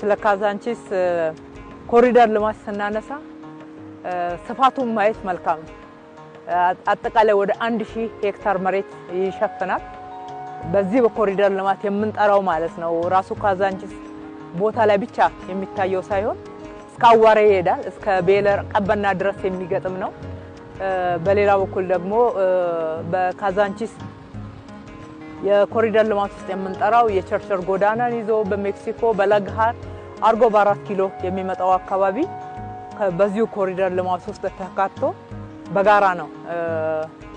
ስለ ካዛንቺስ ኮሪደር ልማት ስናነሳ ስፋቱን ማየት መልካም ነው። አጠቃላይ ወደ አንድ ሺህ ሄክታር መሬት ይሸፍናል። በዚህ በኮሪደር ልማት የምንጠራው ማለት ነው። ራሱ ካዛንቺስ ቦታ ላይ ብቻ የሚታየው ሳይሆን እስከ አዋሬ ይሄዳል፣ እስከ ቤለር ቀበና ድረስ የሚገጥም ነው። በሌላ በኩል ደግሞ በካዛንቺስ የኮሪደር ልማት ውስጥ የምንጠራው የቸርቸር ጎዳናን ይዞ በሜክሲኮ በለግሃር አርጎ በአራት ኪሎ የሚመጣው አካባቢ በዚሁ ኮሪደር ልማት ውስጥ ተካቶ በጋራ ነው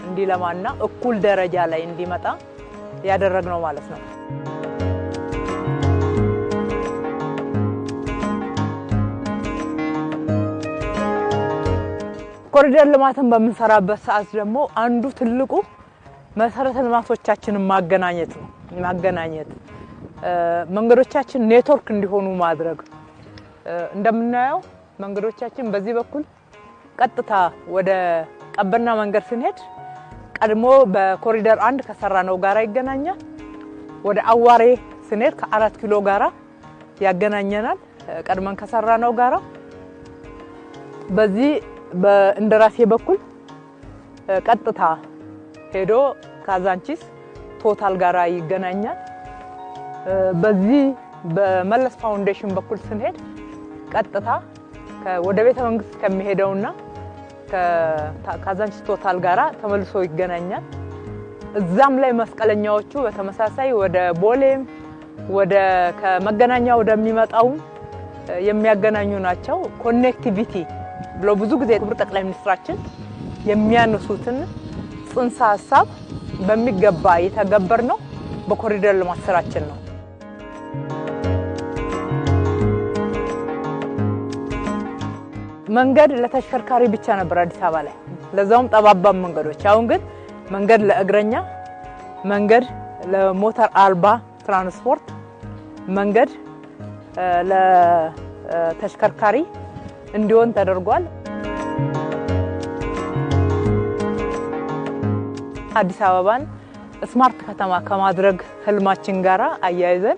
እንዲለማና እኩል ደረጃ ላይ እንዲመጣ ያደረግነው ማለት ነው። ኮሪደር ልማትን በምንሰራበት ሰዓት ደግሞ አንዱ ትልቁ መሰረተ ልማቶቻችንን ማገናኘት ነው ማገናኘት መንገዶቻችን ኔትወርክ እንዲሆኑ ማድረግ። እንደምናየው መንገዶቻችን በዚህ በኩል ቀጥታ ወደ ቀበና መንገድ ስንሄድ ቀድሞ በኮሪደር አንድ ከሰራ ነው ጋራ ይገናኛል። ወደ አዋሬ ስንሄድ ከአራት ኪሎ ጋራ ያገናኘናል ቀድመን ከሰራ ነው ጋራ። በዚህ በእንደራሴ በኩል ቀጥታ ሄዶ ካዛንቺስ ቶታል ጋራ ይገናኛል። በዚህ በመለስ ፋውንዴሽን በኩል ስንሄድ ቀጥታ ወደ ቤተ መንግስት ከሚሄደውና ከዛንች ቶታል ጋራ ተመልሶ ይገናኛል። እዛም ላይ መስቀለኛዎቹ በተመሳሳይ ወደ ቦሌም ወደ ከመገናኛ ወደሚመጣውም የሚያገናኙ ናቸው። ኮኔክቲቪቲ ብሎ ብዙ ጊዜ ክቡር ጠቅላይ ሚኒስትራችን የሚያነሱትን ጽንሰ ሀሳብ በሚገባ የተገበር ነው በኮሪደር ልማት ስራችን ነው። መንገድ ለተሽከርካሪ ብቻ ነበር አዲስ አበባ ላይ ለዛውም ጠባባም መንገዶች። አሁን ግን መንገድ ለእግረኛ፣ መንገድ ለሞተር አልባ ትራንስፖርት፣ መንገድ ለተሽከርካሪ እንዲሆን ተደርጓል። አዲስ አበባን ስማርት ከተማ ከማድረግ ህልማችን ጋራ አያይዘን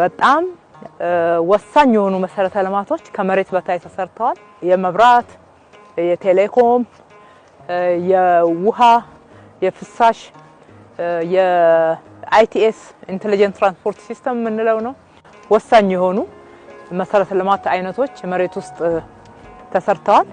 በጣም ወሳኝ የሆኑ መሰረተ ልማቶች ከመሬት በታይ ተሰርተዋል። የመብራት፣ የቴሌኮም፣ የውሃ፣ የፍሳሽ፣ የአይቲኤስ ኢንቴሊጀንት ትራንስፖርት ሲስተም የምንለው ነው። ወሳኝ የሆኑ መሰረተ ልማት አይነቶች መሬት ውስጥ ተሰርተዋል።